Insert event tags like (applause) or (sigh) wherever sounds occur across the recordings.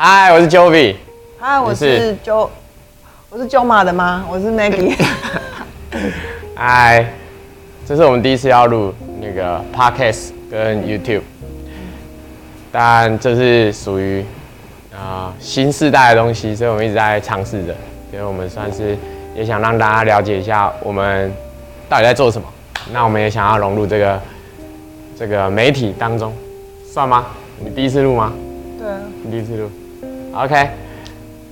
嗨，我是 Jovi。嗨，我是 Jo，我是 Jo 媽的嗎？我是 Maggie。嗨， (laughs) 這是我們第一次要錄那個 Podcast 跟 YouTube，但這是屬於啊新時代的東西，所以我們一直在嘗試着，所以我們算是也想讓大家了解一下我們到底在做什麼。那我們也想要融入這個這個媒體當中，算嗎？你第一次錄嗎？對，你第一次錄。OK，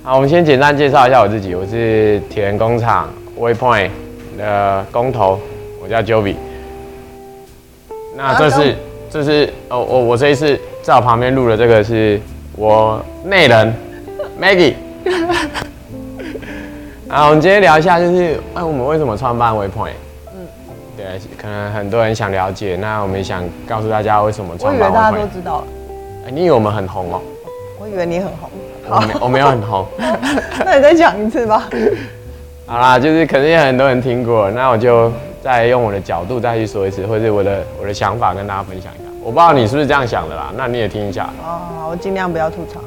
好，我們先簡單介紹一下我自己，我是鐵人工廠 Waypoint 的工頭，我叫 Jovi。那這是、啊、這是哦，我我這一次在我旁邊錄的這個是我內人 Maggie。好、 (laughs) 啊，我們今天聊一下，就是哎，我們為什麼創辦 Waypoint？嗯，對，可能很多人想了解，那我們想告訴大家為什麼創辦 Waypoint。我以為大家都知道了、欸。你以為我們很紅哦？我以為你很紅。我沒、oh. 我沒有很紅， (laughs) (laughs) 那你再講一次吧。好啦，就是肯定有很多人聽過，那我就再用我的角度再去說一次，或是我的我的想法跟大家分享一下。我不知道你是不是這樣想的啦，那你也聽一下。哦、oh，我盡量不要吐槽。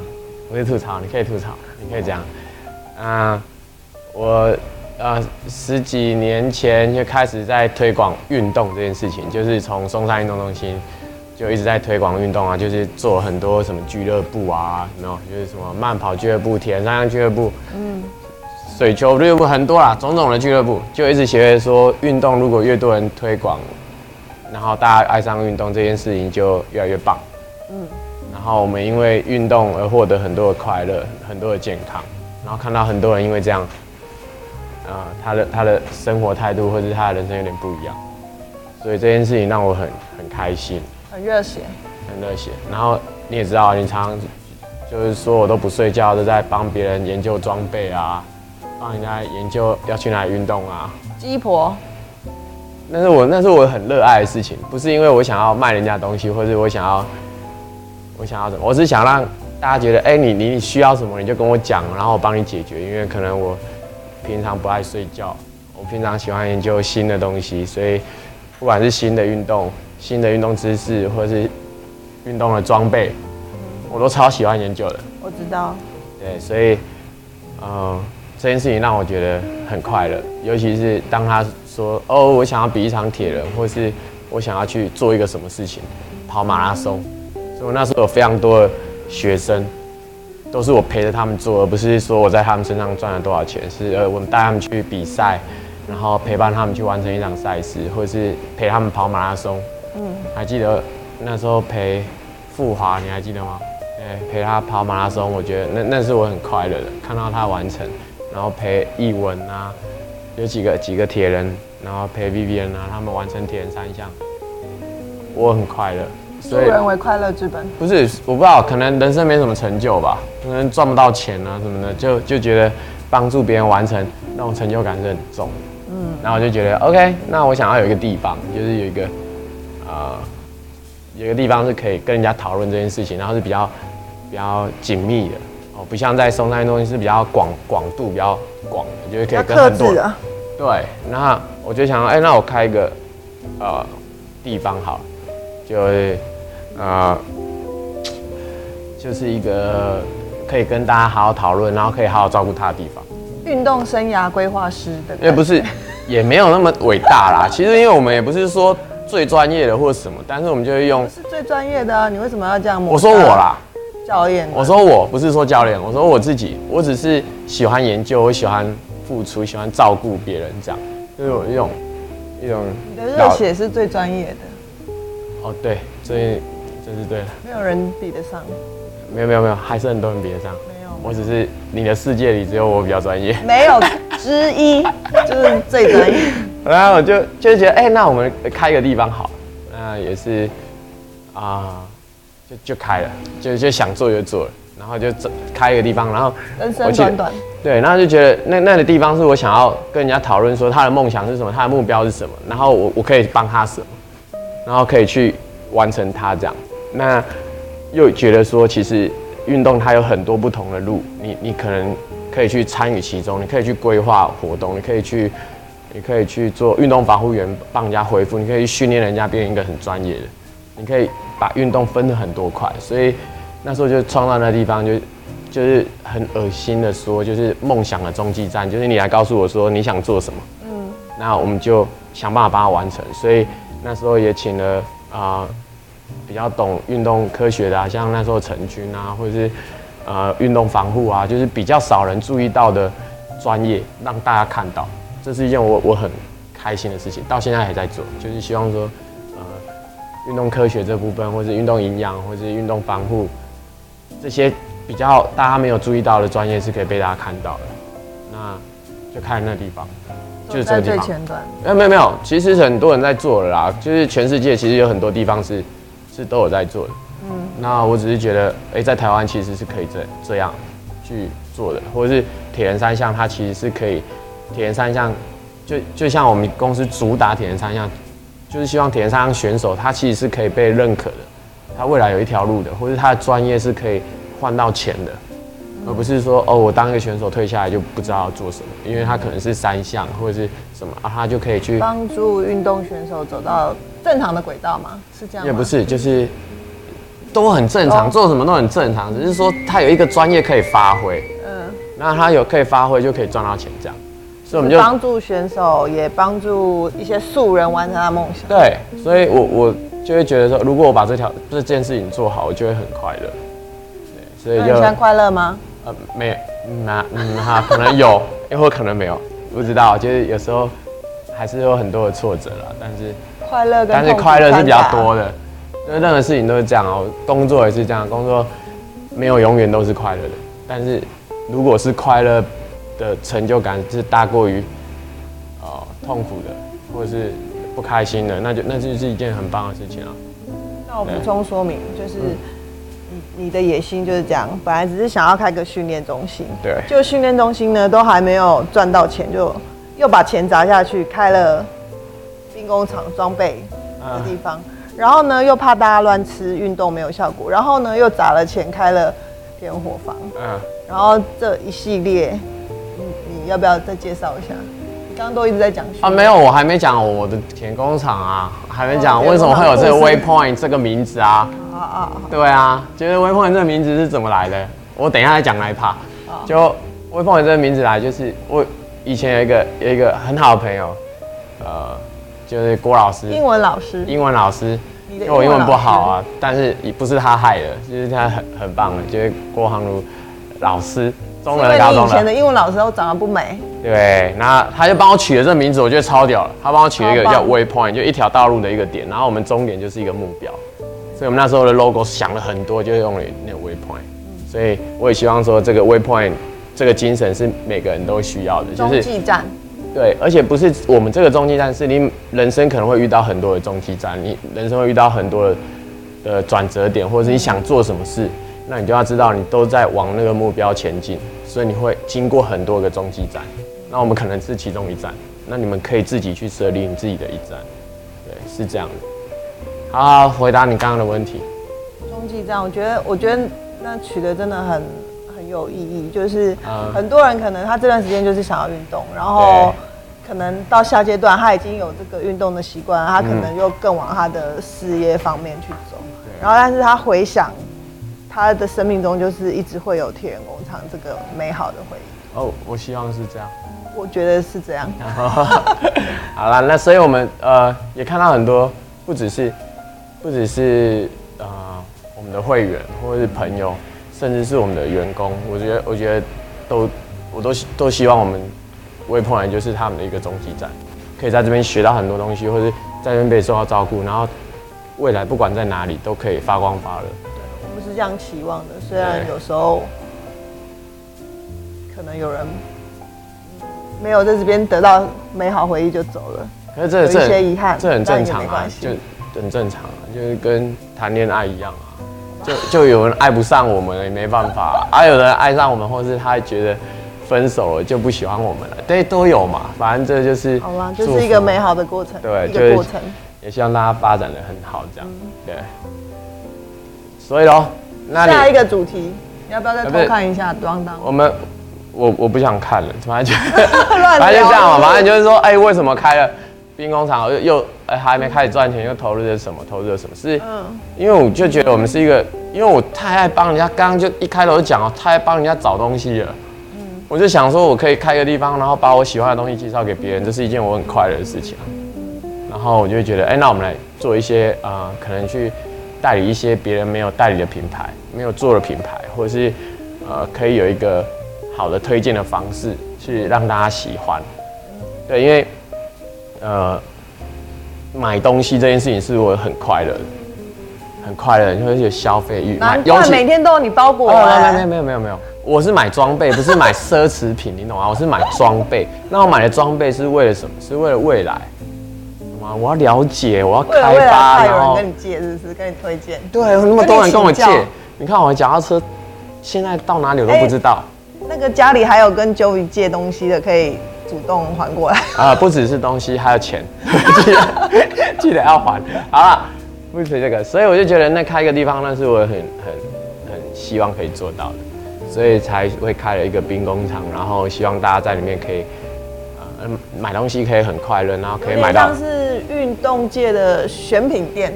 我是吐槽，你可以吐槽，你可以這樣啊、oh. 呃，我呃十幾年前就開始在推廣運動這件事情，就是從松山運動中心。就一直在推廣運動啊，就是做很多什麼俱樂部啊，有沒有，就是什麼慢跑俱樂部、田徑俱樂部，嗯，水球俱樂部很多啦、啊，種種的俱樂部，就一直學會說，運動如果越多人推廣，然後大家愛上運動這件事情就越來越棒，嗯，然後我們因為運動而獲得很多的快樂、很多的健康，然後看到很多人因為這樣，啊、呃，他的他的生活態度或者他的人生有點不一樣，所以這件事情讓我很很開心。很熱血，很熱血。然後你也知道，你常常就是說我都不睡覺，都在幫別人研究裝備啊，幫人家研究要去哪裡運動啊。雞婆。那是我，那是我很熱愛的事情。不是因為我想要賣人家東西，或是我想要我想要什麼，我是想讓大家覺得，哎、欸，你你需要什麼，你就跟我講，然後我幫你解決。因為可能我平常不愛睡覺，我平常喜歡研究新的東西，所以不管是新的運動。新的運動知識，或者是運動的裝備、嗯，我都超喜歡研究的。我知道。對，所以，嗯、呃，這件事情讓我覺得很快樂，尤其是當他說：“哦，我想要比一場鐵人，或是我想要去做一個什麼事情，跑馬拉松。嗯”所以我那時候有非常多的學生，都是我陪着他們做，而不是說我在他們身上賺了多少錢，是呃，我們帶他們去比賽，然後陪伴他們去完成一場賽事，或者是陪他們跑馬拉松。嗯、還記得那時候陪富華，你還記得嗎？哎、欸，陪他跑馬拉松，我覺得那那是我很快樂的，看到他完成，然後陪藝文啊，有幾個幾個鐵人，然後陪 Vivian 啊，他們完成鐵人三項，我很快樂。助人為快樂之本，不是我不知道，可能人生沒什麼成就吧，可能賺不到錢啊什麼的，就就覺得幫助別人完成那種成就感是很重。嗯，然後我就覺得 OK，那我想要有一個地方，就是有一個。呃，有個地方是可以跟人家討論這件事情，然後是比較比較緊密的哦，不像在松山東西是比較廣廣度比較廣的，就是可以跟很多人。要客製啊。對，那我就想，哎、欸，那我開一個呃地方好了，就呃就是一個可以跟大家好好討論，然後可以好好照顧他的地方。運動生涯規劃師，對不對？也不是，也沒有那麼偉大啦。 (laughs) 其實，因為我們也不是說。最專業的或者什麼，但是我們就會用是最專業的、啊。你為什麼要這樣？我說我啦，教練、啊。我說我不是說教練，我說我自己，我只是喜歡研究，我喜歡付出，喜歡照顧別人，這樣就是一種一種。嗯、一種你的熱血是最專業的。哦，對，所以這、就是對的。沒有人比得上。沒有沒有沒有，還是很多人比得上。沒有。我只是你的世界裡只有我比較專業。沒有之一， (laughs) 就是最專業。然後我就就覺得，哎、欸，那我們開一個地方好，那也是，啊、呃，就就開了，就就想做就做了，然後就開一個地方，然後人生短短，對，然後就覺得那那個地方是我想要跟人家討論說他的夢想是什麼，他的目標是什麼，然後我我可以幫他什麼，然後可以去完成他這樣。那又覺得說其實運動它有很多不同的路，你你可能可以去參與其中，你可以去規劃活動，你可以去。你可以去做運動防護員，幫人家恢復；你可以去訓練人家變成一個很專業的。你可以把運動分了很多塊，所以那時候就創造那地方就，就就是很噁心的說，就是夢想的中繼站。就是你來告訴我說你想做什麼，嗯，那我們就想辦法把它完成。所以那時候也請了啊、呃、比較懂運動科學的、啊，像那時候陳軍啊，或者是呃運動防護啊，就是比較少人注意到的專業，讓大家看到。這是一件我我很開心的事情，到現在還在做，就是希望說，呃，運動科學這部分，或是運動營養，或是運動防護，這些比較大家沒有注意到的專業是可以被大家看到的。那就看那地方，就是這個地方，在最前端。沒有沒有沒有，其實很多人在做了啦，就是全世界其實有很多地方是是都有在做的。嗯。那我只是覺得，哎，欸，在台灣其實是可以這這樣去做的，或者是鐵人三項它其實是可以，人三項，就就像我們公司主打鐵人三項，就是希望鐵人三項選手他其實是可以被認可的，他未來有一條路的，或者他的專業是可以換到錢的，而不是說哦，我當一個選手退下來就不知道要做什麼，因為他可能是三項或者是什麼，啊、他就可以去幫助運動選手走到正常的軌道嘛。是這樣？也不是，就是都很正常，哦，做什麼都很正常，只是說他有一個專業可以發揮，嗯，那他有可以發揮就可以賺到錢，這樣。所以我們就幫助選手，也幫助一些素人完成他的夢想。對，所以我，我我就會覺得說，如果我把這條這件事情做好，我就會很快樂。對，所以你很快樂嗎？呃，沒，那嗯哈、啊嗯啊，可能有，也 (laughs) 會、欸、可能沒有，不知道。就是有時候還是有很多的挫折啦，但是快樂，但是快樂是比較多的。因為任何事情都是這樣哦，工作也是這樣，工作沒有永遠都是快樂的。但是如果是快樂。的成就感是大過於，呃，痛苦的，或者是不開心的，那就那就是一件很棒的事情啊。那我補充說明，就是、嗯、你你的野心就是這樣，本來只是想要開個訓練中心，對，就訓練中心呢都還沒有賺到錢，就又把錢砸下去開了兵工廠裝備的地方，嗯、然後呢又怕大家亂吃運動沒有效果，然後呢又砸了錢開了伙房，嗯，然後這一系列。要不要再介紹一下？剛剛都一直在講啊，沒有，我還沒講我的前工廠啊，還沒講為什麼會有這個 Waypoint 這個名字啊。啊啊對啊，覺、就、得、是、Waypoint 這個名字是怎麼來的？我等一下再講，來怕。就 Waypoint 這個名字來，就是我以前有一個有一個很好的朋友，呃，就是郭老師，英文老師，英文老師，老師因為我英文不好啊，嗯、但是也不是他害的，就是他很很棒的，嗯、就是郭航如老師。因為以，以前的英文老師都長得不美。對，那他就幫我取了這個名字，我覺得超屌了。他幫我取了一個叫 Way Point，就一條道路的一個點。然後我們終點就是一個目標。所以我們那時候的 logo 想了很多，就用了那個 Way Point。所以我也希望說，這個 Way Point 這個精神是每個人都需要的，就是中繼站。對，而且不是我們這個中繼站，是你人生可能會遇到很多的中繼站，你人生會遇到很多的轉折點，或者是你想做什麼事。那你就要知道你都在往那個目標前進，所以你會經過很多個中繼站。那我們可能是其中一站，那你們可以自己去設立你自己的一站。對，是這樣的。好，好，回答你剛剛的問題。中繼站，我覺得，我覺得那取得真的很很有意義。就是很多人可能他這段時間就是想要運動，然後可能到下階段他已經有這個運動的習慣，他可能又更往他的事業方面去走。對，然後，但是他回想。他的生命中就是一直會有鐵人工廠這個美好的回憶哦，我希望是這樣，我覺得是這樣。 (laughs) 好了，那所以我們呃也看到很多，不只是不只是呃我們的會員或者是朋友，甚至是我們的員工，我覺得我覺得都我都都希望我們 Waypoint 就是他們的一個中繼站，可以在這邊學到很多東西，或者在這邊被受到照顧，然後未來不管在哪裡都可以發光發熱。這樣期望的，雖然有時候可能有人沒有在這邊得到美好回憶就走了，可是這，這有一些遺憾，這很正常，啊就，就很正常，啊，就是跟談戀愛一樣啊，就就有人愛不上我們也沒辦法啊， (laughs) 啊，有人愛上我們，或是他覺得分手了就不喜歡我們了，啊，對，都有嘛，反正這就是嘛好了，就是一個美好的過程，啊、對，一個過程，也希望大家發展得很好，這樣、嗯、對，所以嘍。那下一個主題，你要不要再偷看一下？嗯嗯、我們，我我不想看了。反正 (laughs) 就這樣嘛，反正就是說，哎、欸，為什麼開了兵工廠又哎、欸、還沒開始賺錢、嗯，又投入了什麼？投入了什麼是、嗯、因為我就覺得我們是一個，因為我太愛幫人家。剛剛就一開頭就講哦，太愛幫人家找東西了。嗯、我就想說，我可以開個地方，然後把我喜歡的東西介紹給別人、嗯，這是一件我很快樂的事情。然後我就會覺得，哎、欸，那我們來做一些啊、呃，可能去。代理一些別人沒有代理的品牌，沒有做的品牌，或者是，呃，可以有一個好的推薦的方式，去讓大家喜歡。對，因為，呃，買東西這件事情是我很快樂的，很快樂，因為有消費慾。那每天都有你包裹。哦哦哦。沒沒沒有沒有沒有，我是買裝備，不是買奢侈品， (laughs) 你懂啊？我是買裝備。那我買的裝備是為了什麼？是為了未來。我要了解，我要開發，還有人跟你借，是不是，跟你推薦，對，有那麼多人跟我借。你，你看我腳踏車，現在到哪裡我都不知道。欸、那個家裡還有跟 Jovi 借東西的，可以主動還過來啊，不只是東西，還有錢， (laughs) 記得 (laughs) (laughs) 記得要還，好了，不只是這個，所以我就覺得那開一個地方，那是我很很很希望可以做到的，所以才會開了一個兵工廠，然後希望大家在裡面可以，呃，買東西可以很快樂，然後可以買到。運動界的選品店，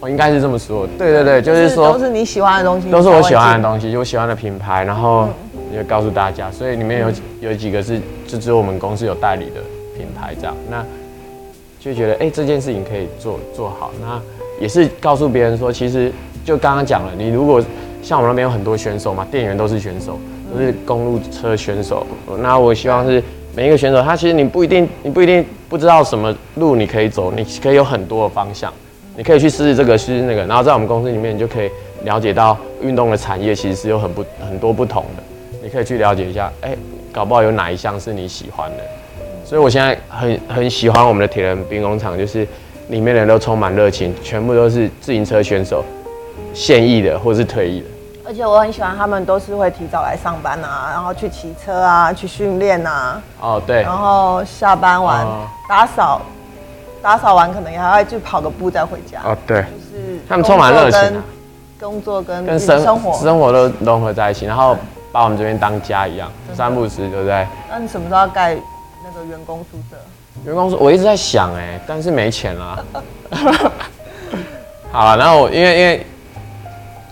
我應該是這麼說。對對對，就是說都是你喜歡的東西，都是我喜歡的東西，就我喜歡的品牌，然後也告訴大家。所以裡面有有幾個是就只有我們公司有代理的品牌這樣。那就覺得哎、欸，這件事情可以做做好。那也是告訴別人說，其實就剛剛講了，你如果像我們那邊有很多選手嘛，店員都是選手，嗯、都是公路車選手。那我希望是。每一個選手，他其實你不一定，你不一定不知道什麼路你可以走，你可以有很多的方向，你可以去試試這個，試試那個。然後在我們公司裡面，你就可以了解到運動的產業其實是有很不很多不同的，你可以去了解一下。哎、欸，搞不好有哪一項是你喜歡的。所以我現在很很喜歡我們的鐵人兵工廠，就是裡面人都充滿熱情，全部都是自行車選手，現役的或是退役的。而且我很喜歡他們，都是會提早來上班啊，然後去騎車啊，去訓練啊。哦，對。然後下班完打掃、哦，打掃完可能也還要去跑個步再回家。哦，對。就是他們充滿熱情、啊，工作跟生跟生活生活都融合在一起，然後把我們這邊當家一樣，三不時，對不對？那你什麼時候要蓋那個員工宿舍？員工宿我一直在想哎、欸，但是沒錢啊。 (laughs) (laughs) 好啊，然後因為因為。因為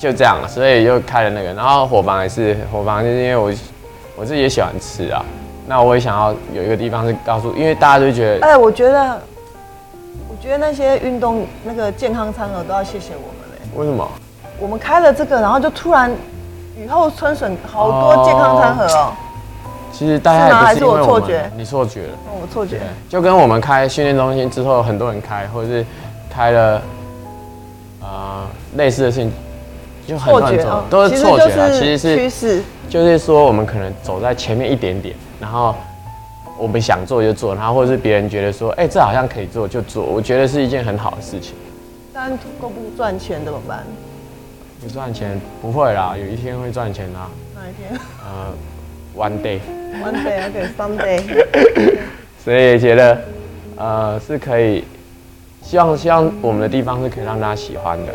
就這樣，所以就開了那個，然後伙房，也是伙房，就是因為我我自己也喜歡吃啊。那我也想要有一個地方是告訴，因為大家就覺得，哎、欸，我覺得我覺得那些運動那個健康餐盒都要謝謝我們嘞。為什麼？我們開了這個，然後就突然雨後春筍，好多健康餐盒哦、喔呃。其實大家也不是因為我們，我錯覺你錯覺了。嗯，我錯覺了。就跟我們開訓練中心之後，很多人開，或者是開了呃類似的事情。就很亂走、啊、都是錯覺了，其實是趨勢，就是說我們可能走在前面一點點，然後我們想做就做，然後或者是別人覺得說，哎、欸，這好像可以做就做，我覺得是一件很好的事情。但如果不賺錢怎麼辦？不賺錢不會啦，有一天會賺錢啦。哪一天？呃，One day，One day or someday、okay。 (laughs) 所以也覺得呃是可以，希望希望我們的地方是可以讓大家喜歡的，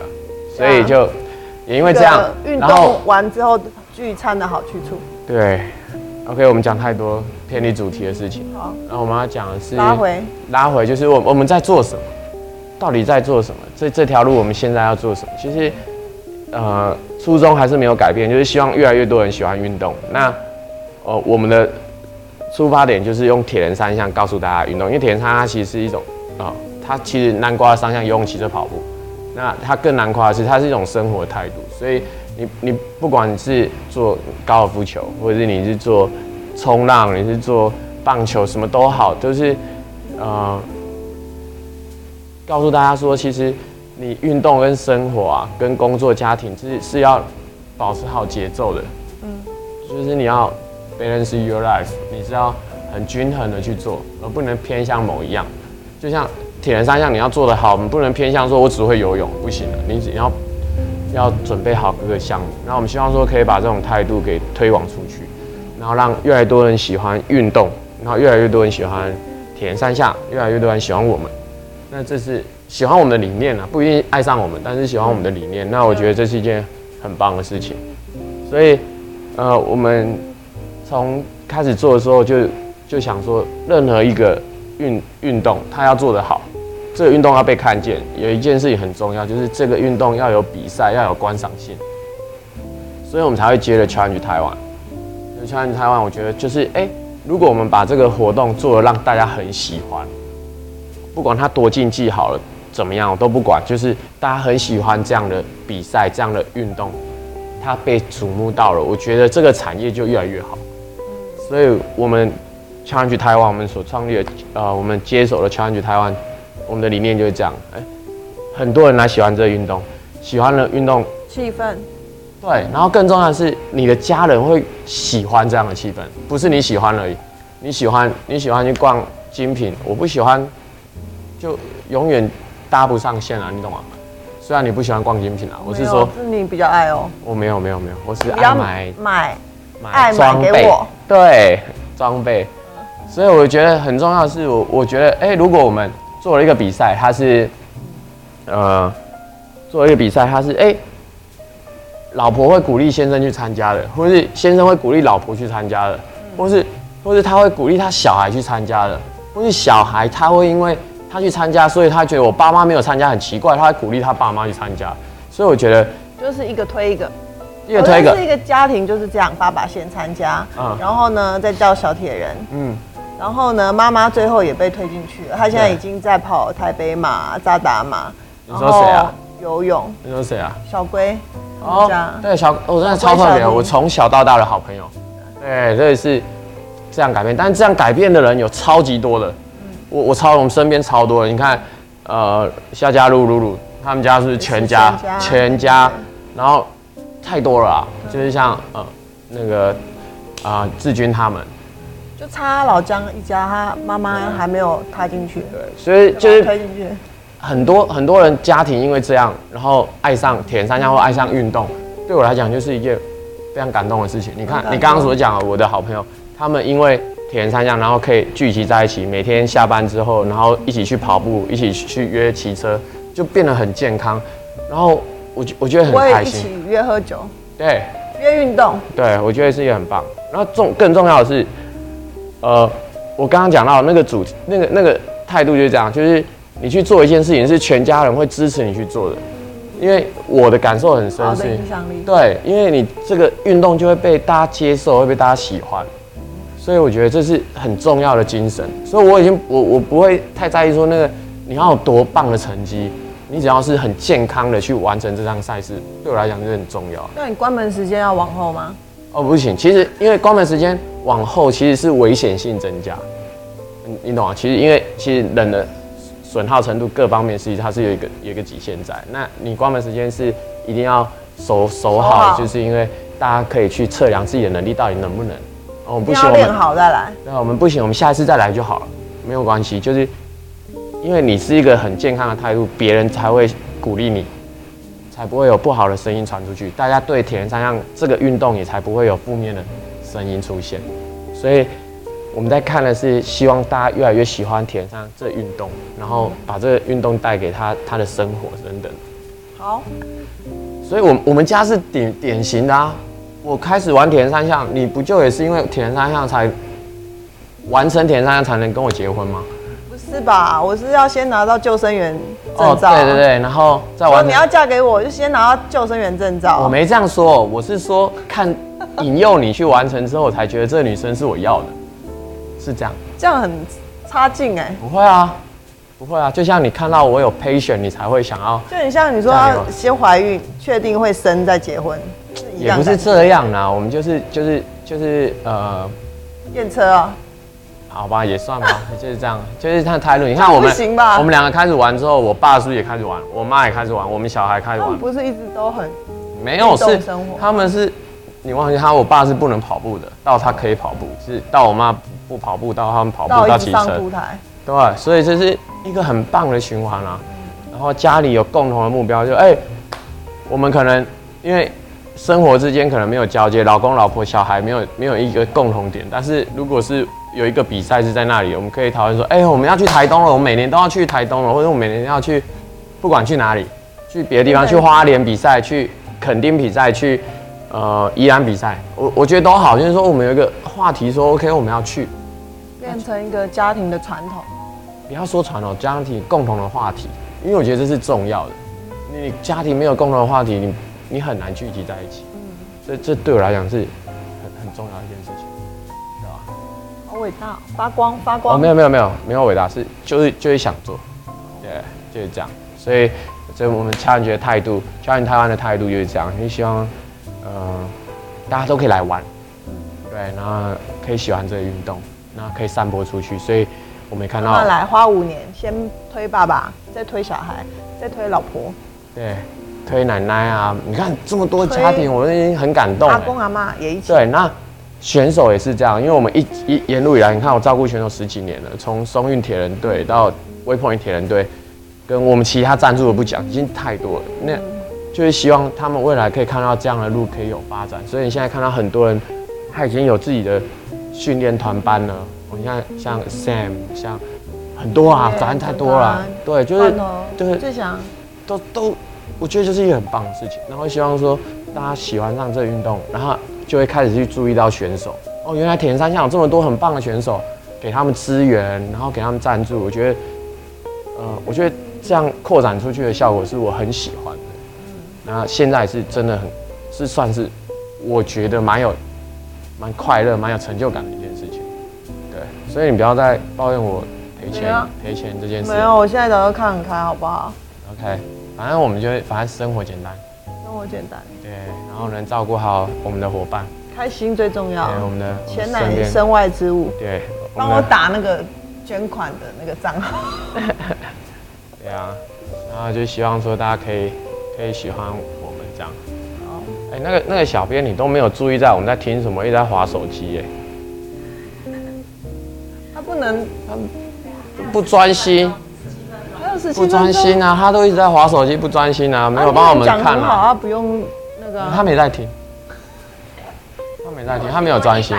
所以就。也因為這樣，運動完之後，然後聚餐的好去處。對，OK，我們講太多偏離主題的事情。嗯、好，那我們要講的是拉回，拉回就是我們我們在做什麼，到底在做什麼？這這條路我們現在要做什麼？其實，呃，初衷還是沒有改變，就是希望越來越多人喜歡運動。那，呃，我們的出發點就是用鐵人三項告訴大家運動，因為鐵人三項它其實是一種、呃、它其實囊括三項游泳、騎車、跑步。那它更難誇的是，它是一種生活態度。所以你你不管你是做高爾夫球，或者是你是做衝浪，你是做棒球，什麼都好，都、就是呃告訴大家說，其實你運動跟生活啊，跟工作、家庭是是要保持好節奏的。嗯，就是你要 balance your life，你是要很均衡的去做，而不能偏向某一樣，就像。鐵人三項你要做得好，我們不能偏向說我只會游泳，不行。你只要要準備好各個項目。那我們希望說可以把這種態度給推廣出去，然後讓越來越多人喜歡運動，然後越來越多人喜歡鐵人三項，越來越多人喜歡我們。那這是喜歡我們的理念啊，不一定愛上我們，但是喜歡我們的理念。嗯。那我覺得這是一件很棒的事情。所以，呃，我們從開始做的時候就就想說，任何一個運運動，它要做得好。這個運動要被看見，有一件事情很重要，就是這個運動要有比賽，要有觀賞性，所以我們才會接着 Challenge Taiwan，就 Challenge Taiwan 我覺得就是，哎、欸，如果我們把這個活動做得讓大家很喜歡，不管它多競技好了，怎麼樣我都不管，就是大家很喜歡這樣的比賽，這樣的運動，它被矚目到了，我覺得這個產業就越來越好。所以我們 Challenge Taiwan，我們所創立的，呃，我們接手了 Challenge Taiwan，我們的理念就是這樣，哎、欸，很多人來喜歡這個運動，喜歡的運動氣氛，對，然後更重要的是你的家人會喜歡這樣的氣氛，不是你喜歡而已，你喜歡你喜歡去逛精品，我不喜歡，就永遠搭不上線啊，你懂嗎？雖然你不喜歡逛精品啊，我是說，是你比較愛哦，我沒有沒有沒有，我是愛買買買裝備，對，裝備，所以我覺得很重要的是，我我覺得，哎、欸，如果我們。做了一個比賽，他是，呃，做了一個比賽，他是哎、欸，老婆會鼓勵先生去參加的，或是先生會鼓勵老婆去參加的，嗯、或是或是他會鼓勵他小孩去參加的，或是小孩他會因為他去參加，所以他覺得我爸媽沒有參加很奇怪，他會鼓勵他爸媽去參加，所以我覺得就是一個推一個，一個推一個，一個家庭就是這樣，爸爸先參加，嗯，然後呢再叫小鐵人，嗯。然後呢，媽媽最後也被推進去了，她現在已經在跑台北馬、渣打馬。你說誰啊？游泳。你說誰啊？小龜。哦。對小，我，哦、真的超特別，我從小到大的好朋友。對，所以是這樣改變，但是這樣改變的人有超級多的。嗯、我我超，我們身邊超多的。你看，呃，夏家路露露，他們家是全家全家，全家全家然後太多了啊，嗯，就是像呃那個啊志軍他們。差老張一家，他媽媽還沒有踏進去。對要要去，所以就是很多很多人家庭因為這樣，然後愛上鐵人三項，或愛上運動，對我來講就是一件非常感動的事情。你看，你剛剛所講的我的好朋友，他們因為鐵人三項，然後可以聚集在一起，每天下班之後，然後一起去跑步，一起去約騎車，就變得很健康。然後我我覺得很開心。我也一起約喝酒。對。約運動。對，我覺得是一個很棒，然後重更重要的是，呃，我剛剛講到的那個主題，那個那個態度就是這樣，就是你去做一件事情，是全家人會支持你去做的，因為我的感受很深，啊、對，因為你這個運動就會被大家接受，會被大家喜歡，所以我覺得這是很重要的精神，所以我已經我我不會太在意說那個你要有多棒的成績，你只要是很健康的去完成這項賽事，對我來講就很重要。那你關門時間要往後嗎？哦，不行。其實因為關門時間往後，其實是危險性增加。你，你懂啊？其實因為其實人的損耗程度各方面是，實際它是有一個有一個極限在。那你關門時間是一定要守守好，守好，就是因為大家可以去測量自己的能力到底能不能。哦，不行，我們好再來。對啊，我們不行，我們下一次再來就好了，沒有關係。就是因為你是一個很健康的態度，別人才會鼓勵你。才不會有不好的聲音傳出去，大家對鐵人三項這個運動也才不會有負面的聲音出現。所以我們在看的是，希望大家越來越喜歡鐵人三項這運動，然後把這個運動帶給他他的生活等等。好，所以我們我們家是典典型的啊。我開始玩鐵人三項，你不就也是因為鐵人三項才完成鐵人三項才能跟我結婚嗎？是吧？我是要先拿到救生員證照啊。Oh, 對對對，然後再完成。你要嫁給我，就先拿到救生員證照啊。我沒這樣說，我是說看，引誘你去完成之後，我才覺得這個女生是我要的，是這樣。這樣很差勁哎欸。不會啊，不會啊，就像你看到我有 patient，你才會想要。就很像你說要先懷孕，確定會生再結婚。也不是這樣啦，我們就是就是就是呃，驗車啊。好吧，也算吧， (laughs) 就是這樣，就是他的態度。你看我們，我們兩個開始玩之後，我爸是不是也開始玩？我媽也開始玩，我們小孩開始玩，不是一直都很，沒有生活是他們是，你忘記他，我爸是不能跑步的，到他可以跑步，就是到我媽不跑步，到他們跑步到騎車，對，所以這是一個很棒的循環啊。然後家裡有共同的目標就，就、欸、哎，我們可能因為生活之間可能沒有交接，老公、老婆、小孩沒有沒有一個共同點，但是如果是。有一個比賽是在那裡，我們可以討論說，哎、欸，我們要去台東了，我們每年都要去台東了，或者我們每年要去，不管去哪裡，去別的地方，去花蓮比賽，去墾丁比賽，去呃宜蘭比賽，我我覺得都好，就是說我們有一個話題說，OK，我們要去，要去，變成一個家庭的傳統。不要說傳統、喔，家庭共同的話題，因為我覺得這是重要的。你家庭沒有共同的話題，你你很難聚集在一起。嗯、所以這對我來講是很很重要的一件事情。偉大發光發光、哦、沒有沒有沒有沒有偉大，是就是就是想做，對、yeah，就是這樣，所以所以我們 Challenge 覺得的態度，Challenge 台灣的態度就是這樣，你希望，呃，大家都可以來玩，嗯、對，然後可以喜歡這個運動，然後可以散播出去，所以我沒看到。慢來，花五年，先推爸爸，再推小孩，再推老婆，對，推奶奶啊，你看這麼多家庭，我們已經很感動。阿公阿媽也一起。對，那。選手也是這樣，因為我們一一,一沿路以來，你看我照顧選手十幾年了，從松韻鐵人隊到 Waypoint 鐵人隊，跟我們其他贊助的不講，已經太多了。那就是希望他們未來可以看到這樣的路可以有發展。所以你現在看到很多人，他已經有自己的訓練團班了。你看，像 Sam，像很多啊，反正太多了。對，啊、對就是對就是都想，都都，我覺得就是一個很棒的事情。然後希望說大家喜歡上這個運動，然後。就會開始去注意到選手哦，原來鐵三項有這麼多很棒的選手，給他們資源，然後給他們贊助。我覺得，呃，我覺得這樣擴展出去的效果是我很喜歡的。嗯、那現在是真的很是算是我覺得蠻有蠻快樂、蠻有成就感的一件事情。對，所以你不要再抱怨我賠錢賠錢這件事。沒有，我現在早就看開，好不好？OK，反正我們就反正生活簡單。莫簡單，對，然後能照顧好我們的夥伴，開心最重要。對，我們的錢乃身外之物。對，幫我，我打那個捐款的那個賬號。對， (laughs) 對啊，然後就希望說大家可以可以喜歡我們這樣。哦，哎、欸，那個那個小編，你都沒有注意在我們在聽什麼，一直在滑手機，哎。他不能，他不專心。哎不專心啊，他都一直在滑手機，不專心啊，沒有幫我們看、啊。不講好、啊、不用那個。他沒在聽，他沒在聽，他沒有專心。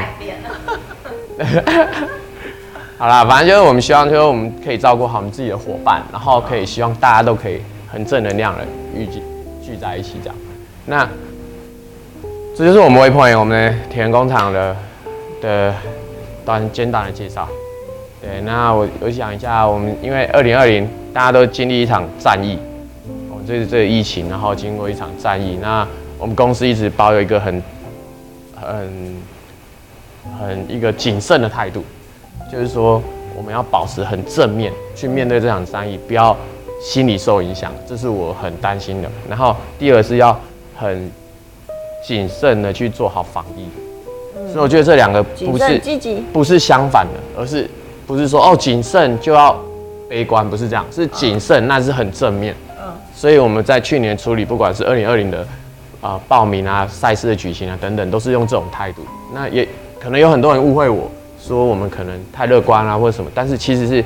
(laughs) 好啦，反正就是我們希望，就是我們可以照顧好我們自己的夥伴，然後可以希望大家都可以很正能量的聚集聚在一起這樣。那這就是我們 Waypoint、我們的田工廠的的，當簡短的介紹。對，那我我想一下，我們因為二零二零大家都經歷一場戰役，我們這是這個疫情，然後經過一場戰役，那我們公司一直抱有一個很、很、很一個謹慎的態度，就是說我們要保持很正面去面對這場戰役，不要心理受影響，這是我很擔心的。然後第二是要很謹慎的去做好防疫，嗯、所以我覺得這兩個不是不是相反的，而是。不是說哦謹慎就要悲觀，不是這樣，是謹慎、嗯、那是很正面。嗯，所以我們在去年處理不管是二零二零的啊、呃、報名啊賽事的舉行啊等等，都是用這種態度。那也可能有很多人誤會我說我們可能太樂觀啊或者什麼，但是其實是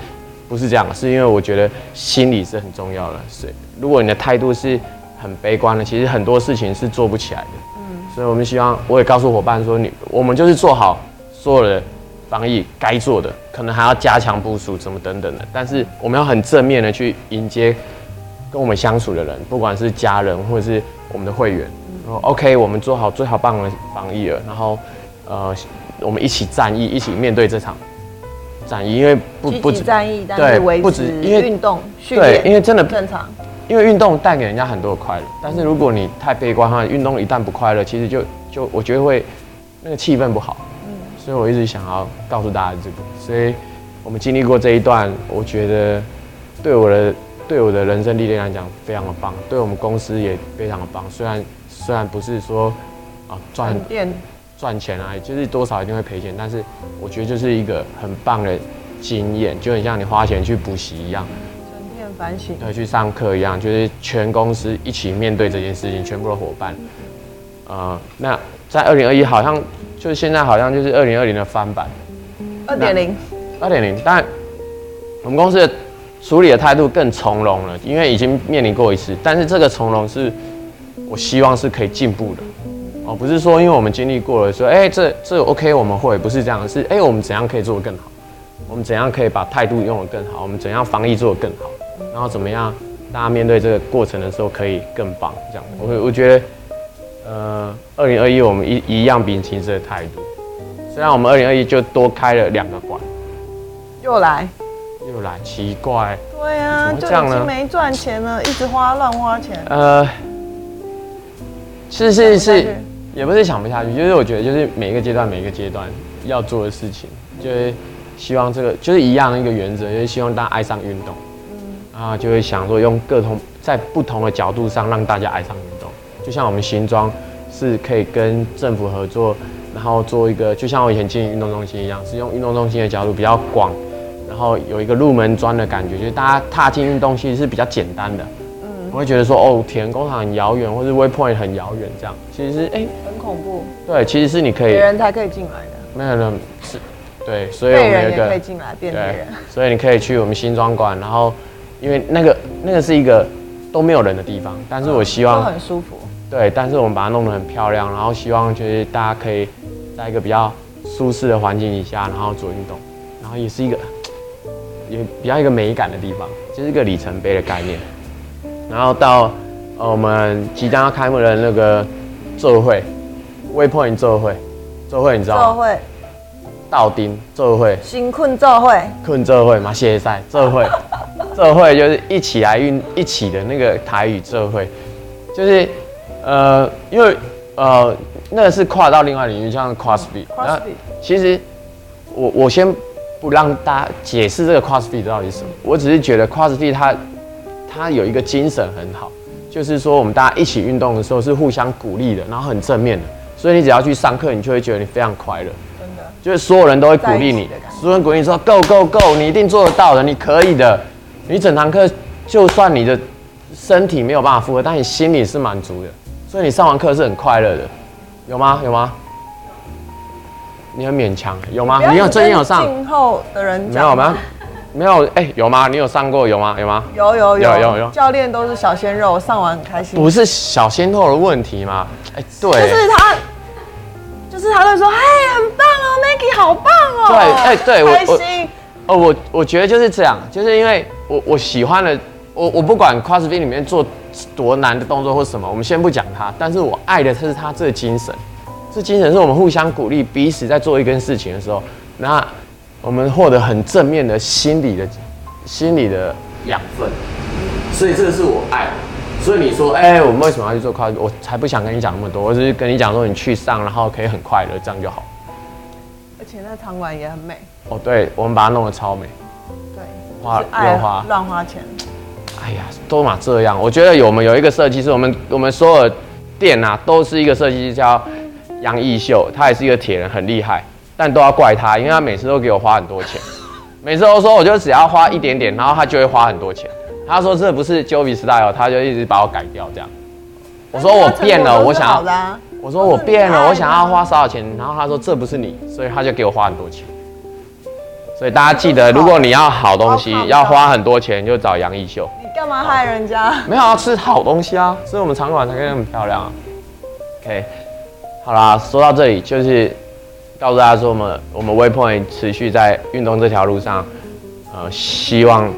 不是這樣？是因為我覺得心理是很重要的。所以如果你的態度是很悲觀的，其實很多事情是做不起來的。嗯，所以我們希望我也告訴夥伴說你，我們就是做好做了。防疫該做的，可能還要加強部署，什麼等等的。但是我們要很正面的去迎接跟我們相處的人，不管是家人或者是我們的會員。然後 OK，我們做好最好幫我們防疫了。然後，呃，我們一起戰役，一起面對這場戰役，因為不不止戰役，但是持不止因為運動，訓練，因為真的正常，因為運動帶給人家很多的快樂。但是如果你太悲觀的話，運動一旦不快樂，其實就就我覺得會那個氣氛不好。所以我一直想要告訴大家這個，所以我們經歷過這一段，我覺得對我的對我的人生歷練來講非常的棒，對我們公司也非常的棒。雖然雖然不是說啊賺錢賺錢啊，就是多少一定會賠錢，但是我覺得就是一個很棒的經驗，就很像你花錢去補習一樣，沉澱反省，對，去上課一樣，就是全公司一起面對這件事情，全部的夥伴，呃，那在二零二一好像。就是現在好像就是二零二零的翻版，二點零，二點零。但我們公司的處理的態度，更從容了，因為已經面臨過一次。但是這個從容是，我希望是可以進步的哦，不是說因為我們經歷過了說，哎，這這 OK，我們會不是這樣，是哎，我們怎樣可以做得更好？我們怎樣可以把態度用得更好？我們怎樣防疫做得更好？然後怎麼樣，大家面對這個過程的時候可以更棒，這樣。我我覺得。呃，二零二一我們一一樣秉持這個態度，雖然我們二零二一就多開了兩個館，又來，又來，奇怪。對啊這樣，就已經沒賺錢了，一直花亂花錢。呃，就是是是，也不是想不下去，就是我覺得就是每一個階段每一個階段要做的事情，就是希望這個就是一樣一個原則，就是希望大家愛上運動。嗯、然後啊，就會想說用各同在不同的角度上讓大家愛上運動。就像我們新莊，是可以跟政府合作，然後做一個，就像我以前經營運動中心一樣，是用運動中心的角度比較廣，然後有一個入門磚的感覺，就是大家踏進運動其實是比較簡單的。嗯，我會覺得說哦，田工廠很遙遠，或者 Waypoint 很遙遠這樣。其實是，哎、欸，很恐怖。對，其實是你可以，別人才可以進來的。沒有人是，對，所以有一個。人可以進來變人，所以你可以去我們新莊館，然後因為那個那個是一個都沒有人的地方，嗯、但是我希望都很舒服。對，但是我們把它弄得很漂亮，然後希望就是大家可以在一個比較舒適的環境底下，然後做運動，然後也是一個也比較一個美感的地方，就是一個里程碑的概念。然後到、哦、我們即將要開幕的那個作伙，Waypoint 作伙，作伙你知道嗎？作伙。倒釘作伙。新困作伙。困作伙嘛，謝謝晒作伙，作伙 (laughs) 就是一起來運一起的那個台語作伙，就是。呃，因為呃，那個是跨到另外領域，像 CrossFit，嗯。那 CrossFit。其實，我我先不讓大家解釋這個 CrossFit 到底是什麼。我只是覺得 CrossFit 它它有一個精神很好，就是說我們大家一起運動的時候是互相鼓勵的，然後很正面的。所以你只要去上課，你就會覺得你非常快樂。真的。就是所有人都會鼓勵你的，所有人鼓勵你說夠夠夠，Go, Go, Go, 你一定做得到的，你可以的。你整堂課就算你的身體沒有辦法負荷，但你心裡是滿足的。所以你上完課是很快樂的，有嗎？有嗎？有你很勉強，有嗎要？你有最近有上？的人沒有嗎？沒有。哎、欸，有嗎？你有上過？有嗎？有嗎？有有有有有，有教練都是小鮮肉，我上完很開心。啊、不是小鮮肉的問題嗎？哎、欸，對。就是他，就是他會說：“哎，很棒哦，Maggie，好棒哦。對欸”對，哎，對我開心。哦，我我，我覺得就是這樣，就是因為我我喜歡的，我我不管 CrossFit 裡面做，多難的動作或什麼，我們先不講他。但是我愛的是他這個精神，這精神是我們互相鼓勵，彼此在做一件事情的時候，那我們獲得很正面的心理的、心理的養分、嗯。所以這個是我愛的。所以你說，哎、欸，我們為什麼要去做快樂？我才不想跟你講那麼多，我只是跟你講說，你去上，然後可以很快樂，這樣就好。而且那個場館也很美。哦、oh，對，我們把它弄得超美。對。花亂花亂花錢。哎呀，都嘛這樣。我覺得有我們有一個設計師，我們我們所有店吶、啊、都是一個設計師叫楊藝秀，他也是一個鐵人，很厲害。但都要怪他，因為他每次都給我花很多錢，每次都說我就只要花一點點，然後他就會花很多錢。他說這不是 Jovi Style，他就一直把我改掉這樣。我說我變了，我想要。我說我變了，我想要花少少錢。然後他說這不是你，所以他就給我花很多錢。所以大家記得，如果你要好東西，要花很多錢，就找楊藝秀。幹嘛害人家？啊、沒有、啊，要吃好東西啊，所以我們場館才可以那麼漂亮啊。OK，好啦，說到這裡就是告訴大家說我，我們我們 Waypoint 持續在運動這條路上，呃，希望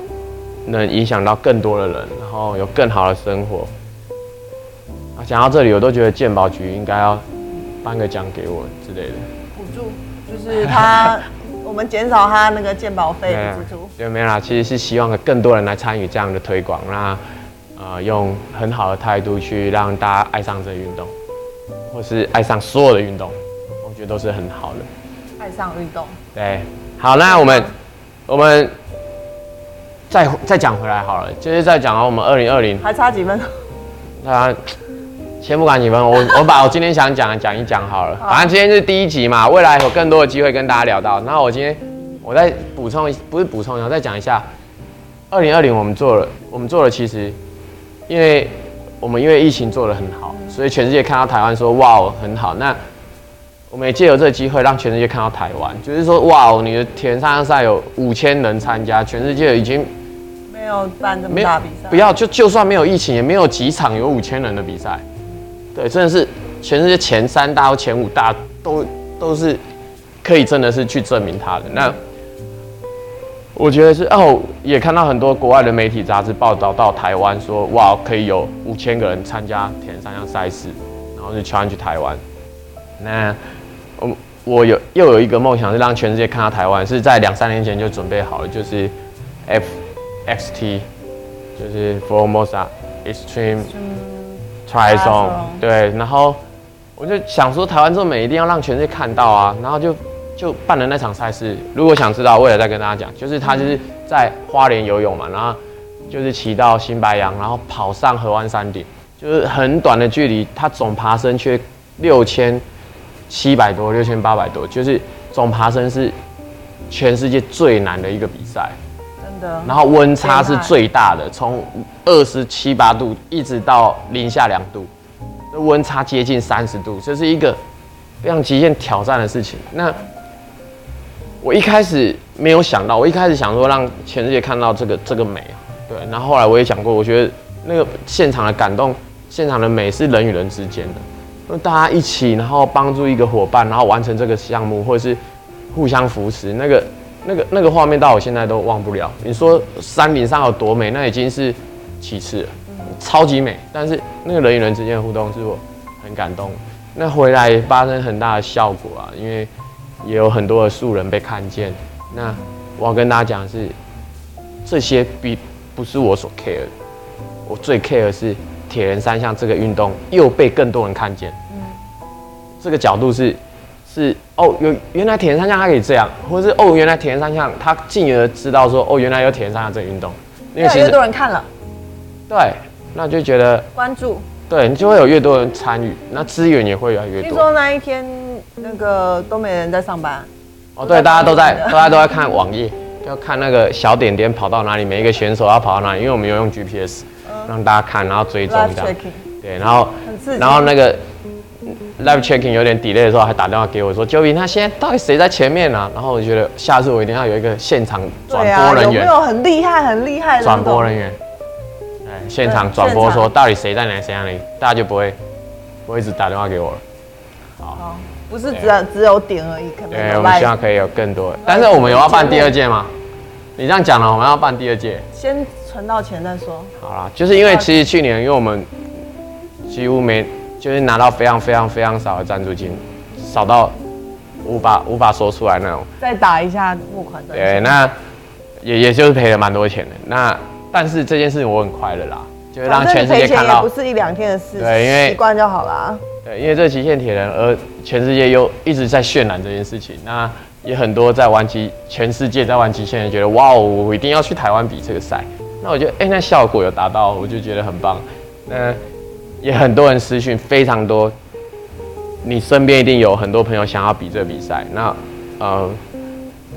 能影響到更多的人，然後有更好的生活。啊，講到這裡，我都覺得健保局應該要頒個獎給我之類的，補助就是他。 (laughs) 我們減少他那個健保費的支出。對，沒有啦，其實是希望更多人來參與這樣的推廣，那呃，用很好的態度去讓大家愛上這個運動，或是愛上所有的運動，我覺得都是很好的。愛上運動。對，好，那我們我們再再講回來好了，就是再講啊、哦，我們二零二零還差幾分？大家先不管你們，我我把我今天想講的講一講好了。反正今天是第一集嘛，未來有更多的機會跟大家聊到。那我今天我再補充一，不是補充，然後再講一下。二零二零我們做了，我們做了其實，因為我們因為疫情做得很好，所以全世界看到台灣說，哇哦很好。那我們也借由這個機會讓全世界看到台灣，就是說，哇哦你的鐵人賽有五千人參加，全世界已經沒有辦這麼大比賽。不要就就算沒有疫情，也沒有幾場有五千人的比賽。對，真的是全世界前三大到前五大都都是可以，真的是去證明他的。那我覺得是哦，啊、也看到很多國外的媒體雜誌報道到台灣說，說哇，可以有五千個人參加鐵人三項賽事，然後就挑戰去台灣。那我我有又有一個夢想是讓全世界看到台灣，是在兩三年前就準備好了，就是 FXT，就是 Formosa Extreme。推送對，然後我就想說台灣之美一定要讓全世界看到啊，然後就就辦了那場賽事。如果想知道，我也再跟大家講，就是他就是在花蓮游泳嘛，然後就是騎到新白楊，然後跑上合歡山頂，就是很短的距離，他總爬升卻六千七百多，六千八百多，就是總爬升是全世界最難的一個比賽。然後溫差是最大的，從二十七八度一直到零下兩度，溫差接近三十度，這是一個非常極限挑戰的事情。那我一開始沒有想到，我一開始想說讓全世界看到這個這個美，對。然後後來我也想過，我覺得那個現場的感動，現場的美是人與人之間的，那大家一起，然後幫助一個夥伴，然後完成這個項目，或者是互相扶持那個。那個那個畫面到我現在都忘不了，你說山林上有多美，那已經是其次了，超級美。但是那個人與人之間的互動是我很感動。那回來發生很大的效果啊，因為也有很多的素人被看見。那我要跟大家講的是，這些並不是我所 care 的。我最 care 的是鐵人三項這個運動又被更多人看見。嗯，這個角度是，是。哦，有原來鐵人三項它可以這樣，或者是哦，原來鐵人三項他進而知道說哦，原來有鐵人三項這個運動，因為其實很多人看了，對，那就覺得關注，對，你就會有越多人參與、嗯，那資源也會越來越多。聽說那一天那個都沒人在上班，哦，對，大家都在，大家都在看網頁，要 (laughs) 看那個小點點跑到哪裡，每一個選手要跑到哪裡，因為我們有用 GPS、呃、讓大家看，然後追蹤這樣，對，然後很刺激，然後那個。Live checking 有點 delay 的時候，還打電話給我，說：“Jovi 他現在到底誰在前面呢？啊？然後我覺得下次我一定要有一個現場轉播人員，播人員。啊，有沒有很厲害很厲害的轉播人員？現場轉播說到底誰在哪，誰在哪，大家就不會，不會一直打電話給我了。好，好不是只要，欸，只有點而已，可能有，欸，我們希望可以有更多的，但是我們有要辦第二屆嗎？你這樣講了，我們要辦第二屆，先存到錢再說。好啦，就是因為其實去年因為我們幾乎沒。就是拿到非常非常非常少的贊助金，少到無法無法說出來那種。再打一下募款。對，那也也就是賠了蠻多錢的。那但是這件事情我很快樂啦，就是讓全世界看到。也不是一兩天的事情。習慣就好啦。對，因為這極限鐵人，而全世界又一直在渲染這件事情。那也很多在玩極，全世界在玩極限人覺得哇、哦，我一定要去台灣比這個賽。那我覺得，哎、欸，那效果有達到，我就覺得很棒。那。也很多人私訊非常多，你身邊一定有很多朋友想要比這比賽。那呃，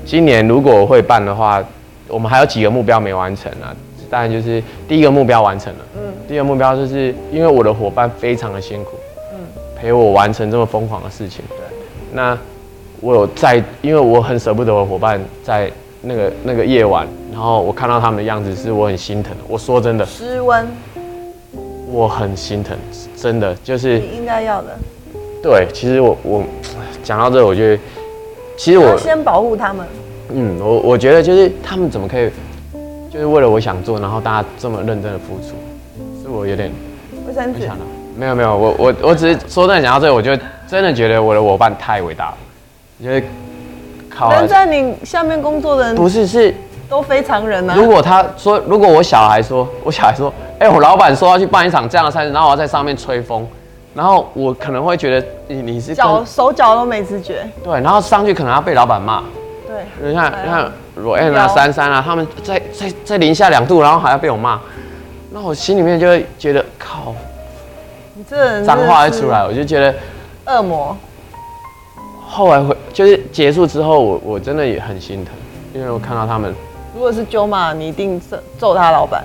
今年如果我會辦的話，我們還有幾個目標沒完成啊。當然就是第一個目標完成了，嗯，第二個目標就是因為我的伙伴非常的辛苦，嗯，陪我完成這麼瘋狂的事情，對。那我有在，因為我很捨不得我的伙伴在那個那個夜晚，然後我看到他們的樣子，是我很心疼的。我說真的，我很心疼，真的就是你應該要的。對，其實我我講到這，我覺得其實我先保護他們。嗯，我我覺得就是他們怎麼可以就是為了我想做，然後大家這麼認真的付出，是我有點衛生紙。沒有沒有，我我我只是說在講到這個，我就真的覺得我的夥伴太偉大了，因為就是靠能啊在你下面工作的人。不是是。都非常人呢，啊。如果他說，如果我小孩說，我小孩說，哎、欸,我老闆說要去辦一場這樣的賽事，然後我要在上面吹風，然後我可能會覺得你你是腳手腳都沒知覺。對，然後上去可能要被老闆罵。對。你看你看，羅、哎、恩、呃、啊、珊珊啊，他們在在在，在零下兩度，然後還要被我罵，那我心裡面就會覺得靠，你這個人髒話一出來，我就覺得惡魔。後來會，就是結束之後我，我我真的也很心疼，因為我看到他們。如果是 Jovi，你一定揍揍他老闆。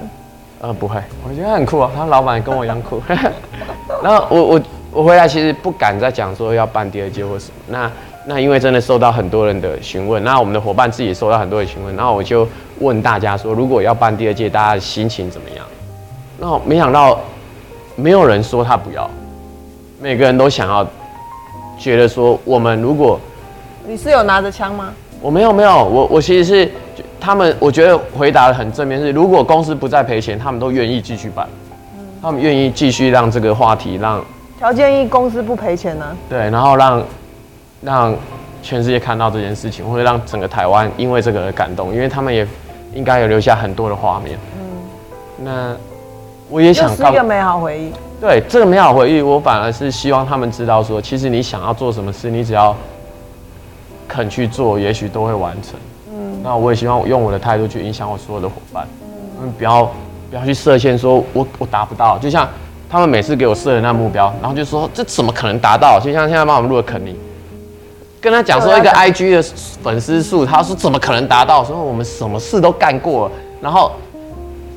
呃，不會，我覺得很酷啊、哦。他老闆跟我一樣酷。 (laughs) 然後我我我回來，其實不敢再講說要辦第二屆或什麼。那那因為真的受到很多人的詢問，那我們的伙伴自己受到很多人的詢問，然後我就問大家說，如果要辦第二屆，大家的心情怎麼樣？那我沒想到沒有人說他不要，每個人都想要覺得說我們如果你是有拿着槍嗎？我沒有沒有，我我其實是。他們我覺得回答的很正面是，是如果公司不再賠錢，他們都願意繼續辦。嗯、他們願意繼續讓這個話題讓條件一公司不賠錢呢、啊？對，然後讓讓全世界看到這件事情，會讓整個台灣因為這個而感動，因為他們也應該有留下很多的畫面。嗯，那我也想又是一個美好回憶。對這個美好回憶，我反而是希望他們知道說，其實你想要做什麼事，你只要肯去做，也許都會完成。那我也希望我用我的態度去影響我所有的夥伴，嗯，不要不要去設限，說我我達不到。就像他們每次給我設的那目標，然後就說這怎麼可能達到？就像現在幫我們錄的肯尼，跟他講說一個 IG 的粉絲數，他說怎麼可能達到？說我們什麼事都幹過了，然後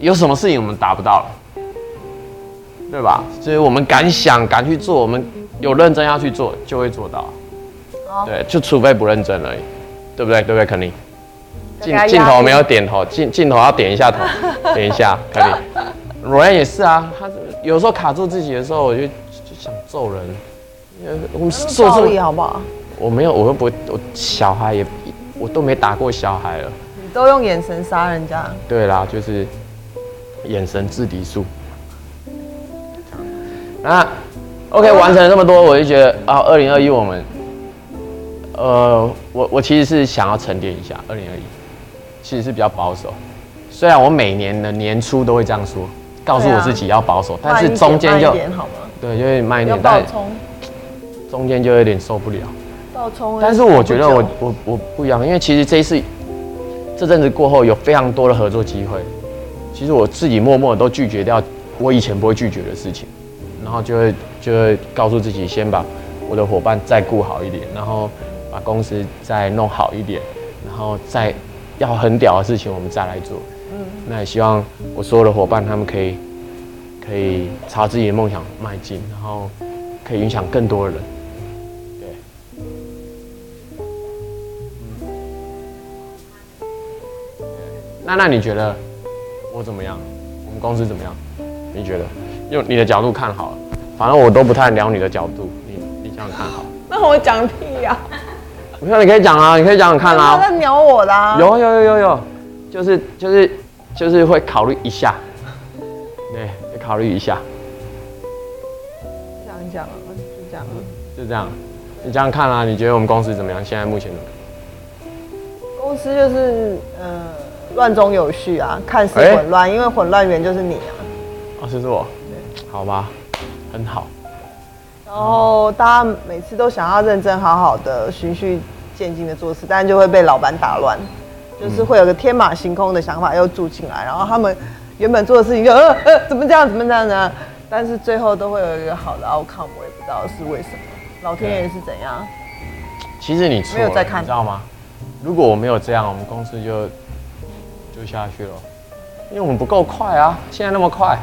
有什麼事情我們達不到了，對吧？所以我們敢想敢去做，我們有認真要去做，就會做到。對，就除非不認真而已，對不對？對不對，肯尼？鏡鏡頭沒有點頭，鏡鏡頭要點一下頭，點一下， (laughs) 可以。羅安也是啊，他有時候卡住自己的時候，我就就想揍人，我們做這個好不好？我沒有，我又不會，我小孩也，我都沒打過小孩了。你都用眼神殺人家？對啦，就是眼神制敵術。那 OK，啊，完成了這麼多，我就覺得啊，二零二一我們，呃，我我其實是想要沉澱一下二零二一。其實是比較保守，雖然我每年的年初都會這樣說，告訴我自己要保守，啊、但是中間就對，就會慢一點，一點就是，一點但中間就有點受不了，爆衝了。但是我覺得我我我，我不一樣，因為其實這一次這陣子過後有非常多的合作機會，其實我自己默默都拒絕掉我以前不會拒絕的事情，然後就會就會告訴自己先把我的伙伴再顧好一點，然後把公司再弄好一點，然後再。要很屌的事情，我們再來做。嗯，那也希望我所有的伙伴他們可以，可以朝自己的夢想邁進，然後可以影響更多的人。對。嗯。對。那那你覺得我怎麼樣？我們公司怎麼樣？你覺得？用你的角度看好了。反正我都不太聊你的角度。你你這樣看好？那我講屁。那你可以講啊，你可以講，講看啊。他在瞄我啦。有有有有有，就是就是就是會考慮一下， (laughs) 對，考慮一下。這樣講了、啊，就這樣了、啊。就這樣，你這樣看啊，你覺得我們公司怎麼樣？現在目前怎麼樣。公司就是呃，亂中有序啊，看似混亂、欸，因為混亂源就是你啊。哦、就是我。對。好吧，很好。哦，然後大家每次都想要認真好好的循序漸進的做事，但是就會被老闆打亂，就是會有個天馬行空的想法又住進來，然後他們原本做的事情就呃呃，怎麼這樣怎麼這樣呢？但是最後都會有一個好的 outcome，我也不知道是為什麼，老天爺是怎樣？啊、其實你錯了，沒有在看，你知道嗎？如果我沒有這樣，我們公司就就下去了，因為我們不夠快啊，現在那麼快，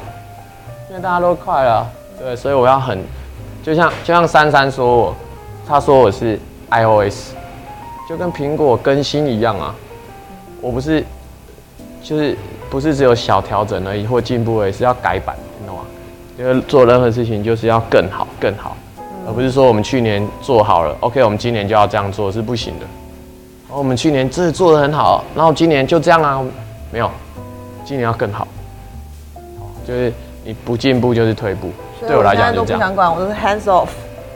現在大家都快了，對，所以我要很。就像就像珊珊說我，他說我是 iOS，就跟蘋果更新一樣啊，我不是，就是不是只有小調整而已或進步而已，是要改版，你懂嗎？因為做任何事情就是要更好更好，而不是說我們去年做好了，OK，我們今年就要這樣做是不行的。哦，我們去年這做的很好，然後今年就這樣啊？沒有，今年要更好，就是你不進步就是退步。對我來講，現在都不想管，我，我都是 hands off，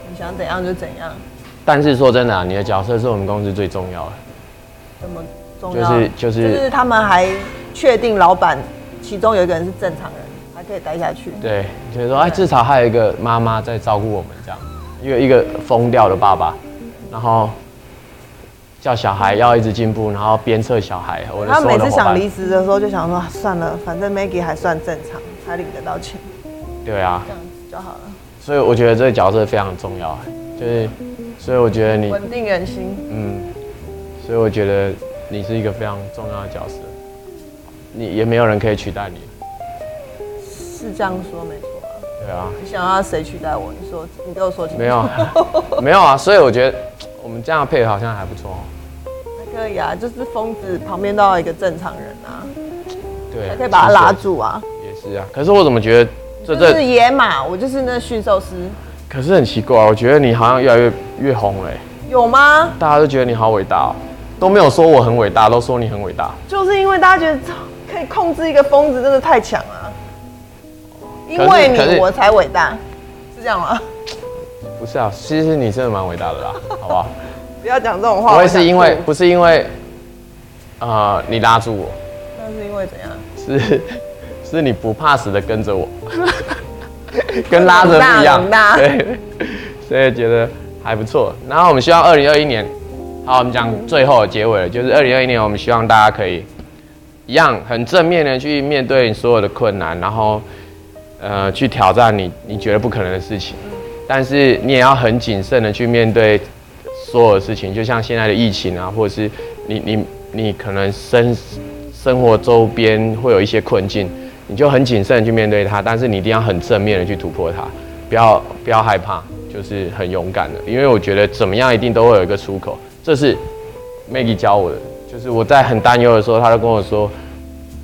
你想怎樣就怎樣。但是說真的啊，你的角色是我們公司最重要的。這麼重要？就是就是就是他們還確定老板其中有一個人是正常人，還可以待下去。對，對所以說哎，至少還有一個媽媽在照顧我們這樣，因為一個一個瘋掉的爸爸，然後叫小孩要一直進步，然後鞭策小孩。我他每次想離職的時候就想說算了，反正 Maggie 還算正常，才領得到錢。對啊。就好了。所以我覺得這個角色非常重要，就是，所以我覺得你穩定人心，嗯，所以我覺得你是一個非常重要的角色，你也沒有人可以取代你，是這樣說沒錯啊。對啊，你想要誰取代我？你說，你給我說清楚。沒有，沒有啊，所以我覺得我們這樣配合好像還不錯喔，還可以啊，就是瘋子旁邊都要一個正常人啊，對啊，還可以把他拉住啊，也是啊，可是我怎麼覺得？這、就是野馬對對對，我就是那馴獸師。可是很奇怪，我覺得你好像越來越越紅了、欸。有嗎？大家都覺得你好偉大哦，都沒有說我很偉大，都說你很偉大。就是因為大家覺得可以控制一個瘋子，真的太強了、啊。因為你我才偉大，是這樣嗎？不是啊，其實你真的蠻偉大的啦， (laughs) 好不好？不要講這種話。不會是因為不是因為啊、呃，你拉住我。那是因為怎樣？是。是你不怕死的跟着我，跟拉着不一樣，對，所以覺得還不錯。然後我們希望二零二一年，好，我們講最後的結尾了，就是二零二一年，我們希望大家可以一樣很正面的去面對所有的困難，然後呃，去挑戰你你覺得不可能的事情，但是你也要很謹慎的去面對所有的事情，就像現在的疫情啊，或者是你你你可能生生活周邊會有一些困境。你就很謹慎去面對它，但是你一定要很正面的去突破它，不要不要害怕，就是很勇敢的。因為我覺得怎麼樣一定都會有一個出口，這是 Maggie 教我的。就是我在很擔憂的時候，他就跟我說，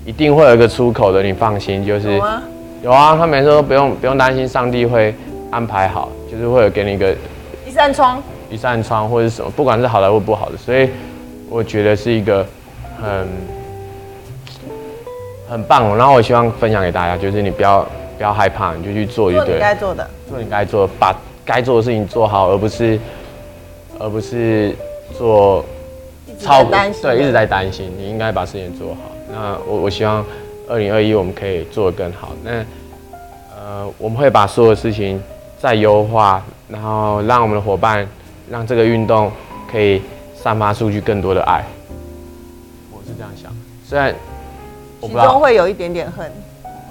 一定會有一個出口的，你放心。就是有啊，有啊，他每次都不用不用擔心，上帝會安排好，就是會有給你一個一扇窗，一扇窗或者是什麼，不管是好的或者不好的。所以我覺得是一個很。嗯很棒哦，然後我希望分享給大家，就是你不要不要害怕，你就去做就對了，做你該做的，做你該做的，把該做的事情做好，而不是而不是做超擔心。對，一直在擔心，你應該把事情做好。那我我希望二零二一我們可以做得更好。那呃，我們會把所有的事情再優化，然後讓我們的夥伴，讓這個運動可以散發出去更多的愛。我是這樣想，雖然。心中會有一點點恨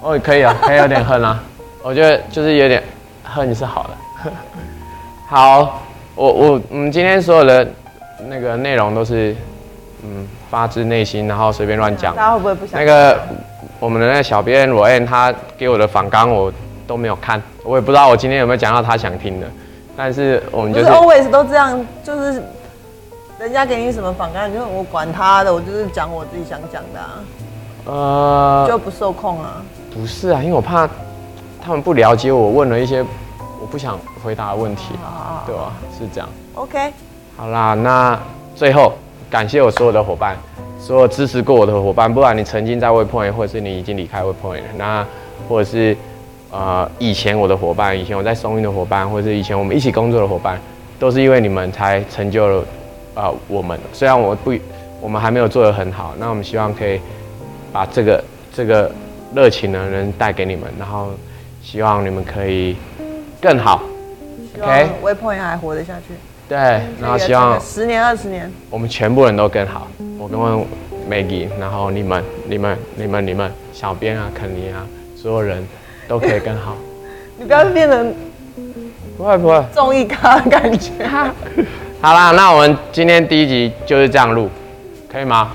我，哦，可以啊，可以有點恨啊。 (laughs) 我覺得就是有點恨你是好的。 (laughs) 好，我我我們、嗯、今天所有的那個內容都是嗯發自內心，然後隨便亂講。大家會不會不想？那個我們的那個小編羅恩他給我的訪綱我都沒有看，我也不知道我今天有沒有講到他想聽的。但是我們就是 always 都這樣，就是人家給你什麼訪綱，你、就、說、是、我管他的，我就是講我自己想講的啊。呃，就不受控啊？不是啊，因為我怕他們不了解我，問了一些我不想回答的問題，啊，對吧、啊？是這樣。OK。好啦，那最後感謝我所有的伙伴，所有支持過我的伙伴，不管你曾經在 Waypoint，或者是你已經離開 Waypoint 了，那或者是呃以前我的伙伴，以前我在松韻的伙伴，或者是以前我們一起工作的伙伴，都是因為你們才成就了呃，我們。雖然我不，我們還沒有做得很好，那我們希望可以。把這個這個熱情的人帶給你們，然後希望你們可以更好。希望 Waypoint 還活得下去？對，然後希望十年、二十年，我們全部人都更好。我跟 Maggie，然後你們、你們、你們、你們，你們小編啊、肯尼啊，所有人都可以更好。 (laughs) 你不要變成不會不會綜藝咖的感覺啊！ (laughs) 好啦，那我們今天第一集就是這樣錄，可以嗎？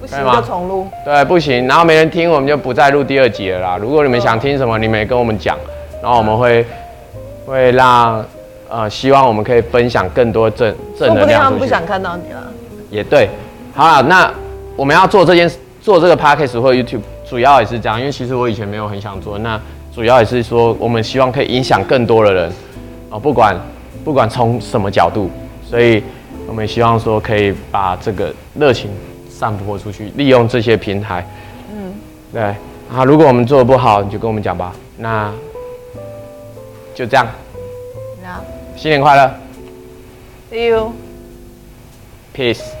不行就重錄。對，不行，然後沒人聽，我們就不再錄第二集了啦。如果你們想聽什麼，哦、你們也跟我們講，然後我們會會讓呃，希望我們可以分享更多正正能量。會不會他們不想看到你了？也對。好了，那我們要做這件做這個 podcast 或 YouTube，主要也是這樣，因為其實我以前沒有很想做，那主要也是說我們希望可以影響更多的人、呃、不管不管從什麼角度，所以我們希望說可以把這個熱情。散播出去，利用這些平台，嗯，對啊。如果我們做的不好，你就跟我們講吧。那就這樣，那、嗯、新年快樂，See you, Peace。